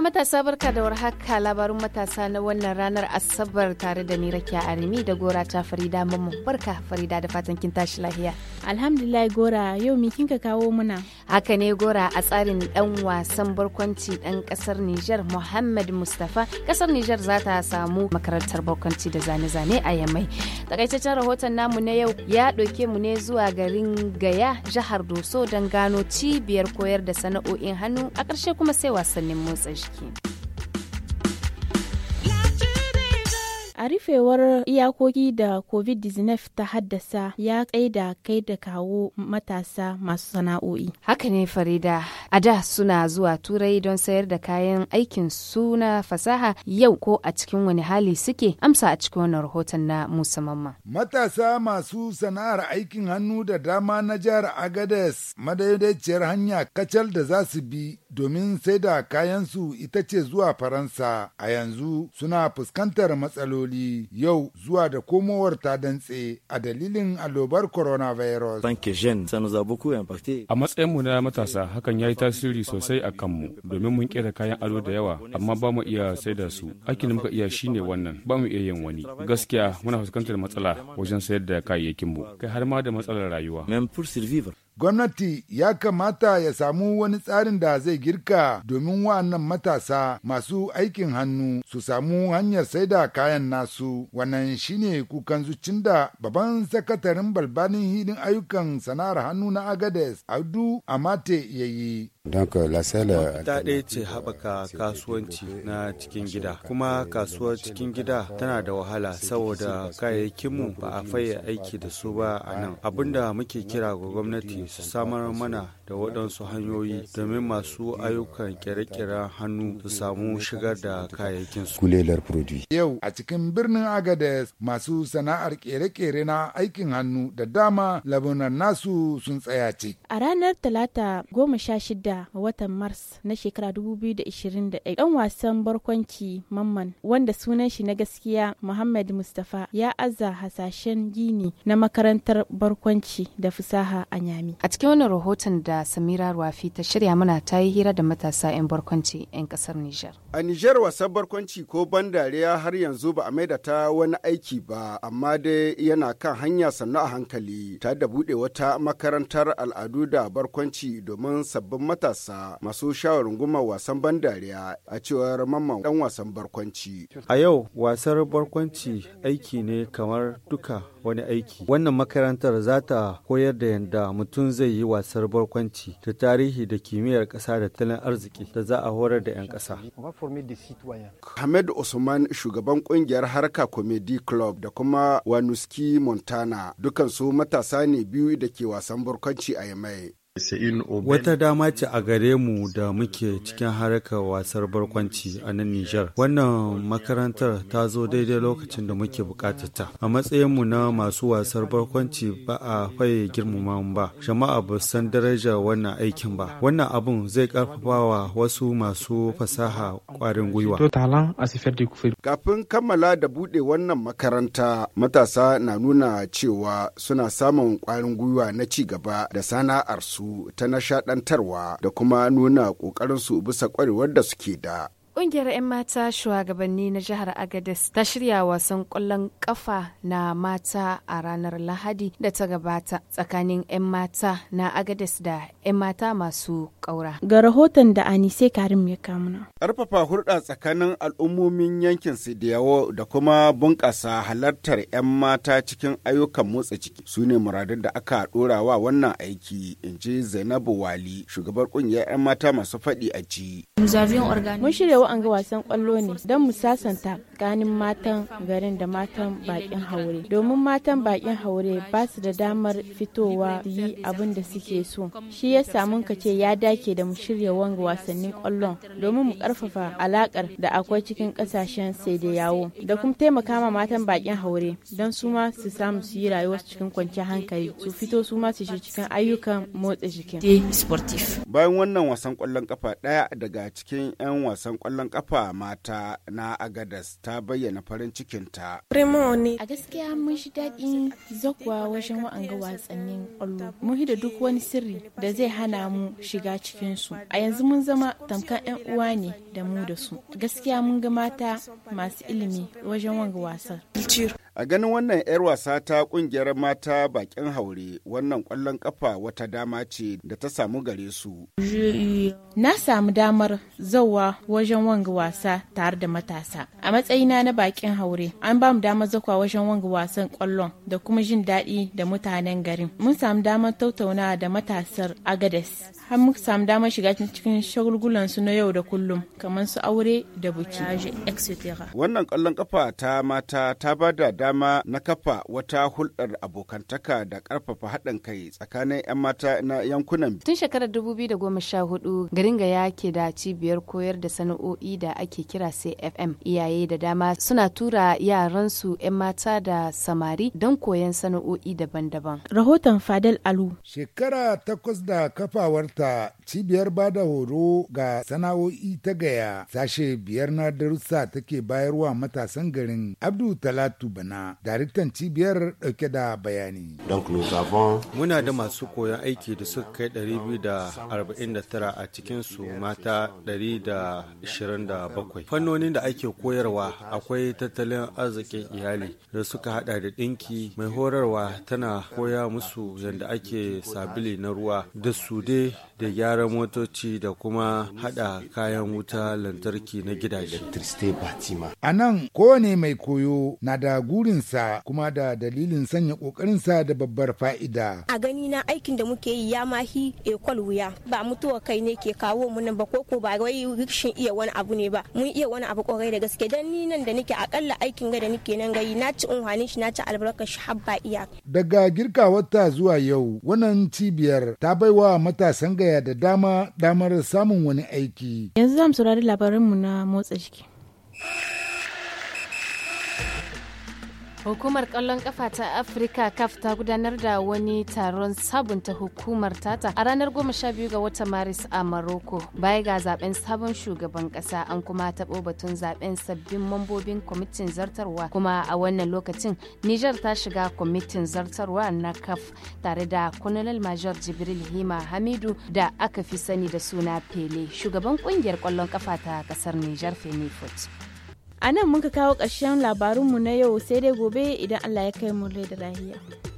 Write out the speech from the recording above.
matasa barka da warhaka labarin matasa na wannan ranar asabar tare da ni a arimi da gora ta farida mamman barka farida da fatan kin tashi lahiya alhamdulillah gora yau mi kinka kawo muna haka ne gora a tsarin dan wasan barkwanci dan kasar niger muhammad mustafa kasar niger za ta samu makarantar barkwanci da zane-zane a yamai takaitaccen rahoton namu na yau ya ɗauke mu ne zuwa garin gaya jihar doso don gano cibiyar koyar da sana'o'in hannu a ƙarshe kuma sai wasannin motsa shi ciki. A rufewar iyakoki da COVID-19 ta haddasa ya kai da kai da kawo matasa masu sana'o'i. Haka ne Farida, a da suna zuwa turai don sayar da kayan aikin suna fasaha yau ko a cikin wani hali suke amsa a cikin wannan rahoton na musa musamman. Matasa masu sana'ar aikin hannu da dama na jihar Agades madaidaiciyar hanya kacal da za su bi domin sai da kayansu ita ce zuwa Faransa a yanzu suna fuskantar matsaloli yau zuwa da komowar ta dantse a dalilin allobar coronavirus. A matsayinmu na matasa hakan ya yi tasiri sosai a kanmu domin mun kera kayan ado da yawa amma ba mu iya da su aikin da muka iya shine wannan ba mu iya yin wani gaskiya muna fuskantar matsala wajen sayar da kayayyakinmu kai har ma da matsalar rayuwa Gwamnati ya kamata ya samu wani tsarin da zai girka domin wa'annan matasa masu aikin hannu su samu hanyar saida kayan nasu. Wannan shine kukan zuccin da babban sakataren balbanin hidin ayyukan sana'ar hannu na Agades Audu Amate ya yi. ta ɗaya ce haɓaka kasuwanci na cikin gida kuma kasuwar cikin gida tana da wahala saboda kayayyakinmu ba a faye aiki da su ba a nan abinda muke kira ga gwamnati su samar mana da waɗansu hanyoyi domin masu ayyukan kere kere hannu su samu shigar da kayayyakin su. kulelar produce. Yau a cikin birnin Agades masu sana'ar kere-kere na aikin hannu da dama labunan nasu sun tsaya ce. A ranar Talata goma sha shida watan Mars na shekara dubu biyu da da ɗaya. ɗan wasan barkwanci Mamman wanda sunan shi na gaskiya Muhammad Mustapha ya aza hasashen gini na makarantar barkwanci da fusaha a Nyami. A cikin wani rahoton da Samira Ruwafi ta shirya mana ta yi hira da matasa 'yan barkwanci 'yan kasar Nijar. A Nijar wasan barkwanci ko ban dariya har yanzu ba a maida ta wani aiki ba, amma dai yana kan hanya sannu a hankali, ta da buɗe wata makarantar al'adu da barkwanci domin sabbin matasa masu shawarin wasan ban dariya a cewar mamman dan wasan barkwanci. A yau wasar barkwanci aiki ne kamar duka wani aiki. Wannan makarantar za ta koyar da yadda mutum zai yi wasar barkwanci shugabanci ta tarihi da kimiyyar ƙasa da tattalin arziki da za a horar da 'yan ƙasa. Ahmed Usman shugaban ƙungiyar harka Comedy Club da kuma Wanuski Montana dukansu matasa ne biyu da ke wasan barkwanci a Yamai. Wata dama ce a gare mu da muke cikin harkar wasar barkwanci a nan Nijar. Wannan makarantar ta zo daidai lokacin da muke bukatata. A matsayinmu na masu wasar barkwanci ba a faye girmama ba. Jama'a ba san darajar wannan aikin ba. Wannan abun zai karfafawa wasu masu fasaha kwarin gwiwa. Kafin kammala da buɗe wannan makaranta, matasa na nuna cewa suna samun kwarin gwiwa na ci gaba da sana'ar su. su ta nishaɗantarwa da kuma nuna ƙoƙarinsu bisa ƙwarewar da suke da. Ƙungiyar 'yan mata shugabanni na jihar Agadez ta shirya wasan ƙwallon ƙafa na mata a ranar Lahadi da ta gabata tsakanin 'yan mata na Agadez da 'yan mata masu ƙaura. Ga rahoton da Anise Karim ya kamuna. Ƙarfafa hulɗa tsakanin al'ummomin yankin Sidiyawo da kuma bunƙasa halartar 'yan mata cikin ayyukan motsa ciki su ne muradun da aka ɗora wa wannan aiki in ji Zainabu Wali shugabar ƙungiyar 'yan mata masu faɗi a ci. Mun shirya an ga wasan kwallo ne don mu sasanta ganin matan garin da matan bakin haure domin matan bakin haure ba su da damar fitowa su yi abin da suke so shi ya samu ka ce ya dake da mu shirya wanga wasannin kwallon domin mu karfafa alakar da akwai cikin kasashen sai da yawo da kuma taimaka ma matan bakin haure don su ma su samu su yi rayuwar cikin kwanciyar hankali su fito su ma su cikin ayyukan motsa jikin bayan wannan wasan kwallon kafa daya daga cikin 'yan wasan kwallon ƙwallon ƙafa mata na Agadas ta bayyana farin cikinta. A gaskiya mun shi daɗin zakwa wajen wa'anga wasannin kwallo Mun hida duk wani sirri da zai hana mu shiga cikinsu. A yanzu mun zama tamkar 'yan uwa ne da mu da su. Gaskiya mun ga mata masu ilimi wajen wanga wasan. A ganin wannan 'yar wasa ta kungiyar mata bakin haure wannan kwallon kafa wata dama ce da ta samu gare su. Na samu damar zauwa wajen wanga wasa tare da matasa. A matsayina na bakin haure, an ba mu damar zakwa wajen wanga wasan kwallon da kuma jin daɗi da mutanen garin. Mun samu damar tattaunawa da matasar Agades. Har mun samu damar shiga cikin shagulgulan su na yau da kullum, kamar su aure da buki. Wannan kwallon kafa ta mata ta bada dama na kafa wata hulɗar abokantaka da ƙarfafa haɗin kai tsakanin 'yan mata na yankunan. Tun shekarar 2014 garin gaya ke da cibiyar koyar da sana'o'i da ake kira CFM. Iyaye da dama suna tura yaransu 'yan mata da samari don koyan sana'o'i daban-daban. Rahoton fadal Alu. Shekara takwas da kafawarta cibiyar ba da horo ga sana'o'i ta gaya sashe biyar na darussa take bayarwa matasan garin abdul Talatu Bana. na daraktan cibiyar dauke da bayani. Muna da masu koyon aiki da suka kai 249 a cikin su mata 127. Fannonin da ake koyarwa akwai tattalin arzikin iyali da suka hada da ɗinki mai horarwa tana koya musu yadda ake sabili na ruwa da su dai da gyaran motoci da kuma hada kayan wuta lantarki na gidaje. A nan kowane mai koyo na da gurinsa kuma da dalilin sanya kokarinsa da babbar fa'ida. A gani na aikin da muke yi ya mahi ekol wuya ba mutuwa kai ne ke kawo mu ba ko ba wai rikshin iya wani abu ne ba mun iya wani abu kwarai da gaske dan ni nan da nake akalla aikin ga da nake nan gayi na ci unhwanin shi na ci albarkar shi habba iya. Daga girka wata zuwa yau wannan cibiyar ta baiwa matasan gaya baya da dama damar samun wani aiki. Yanzu zamu saurari labarinmu na motsa jiki. Hukumar ƙwallon ƙafa ta Afirka Kaf ta gudanar da wani taron sabunta hukumar tata a ranar 12 ga watan Maris a Maroko. Baya ga zaben sabon shugaban kasa an kuma taɓo batun zaben sabbin mambobin kwamitin zartarwa kuma a wannan lokacin Nijar ta shiga kwamitin zartarwa na Kaf tare da Colonel Major Jibril Hima Hamidu da aka fi sani da suna Pele, shugaban kungiyar ƙwallon ƙafa ta kasar Nijar Fenifort. a nan muka kawo ƙarshen labarunmu na yau sai dai gobe idan allah ya kai mu da lahiya.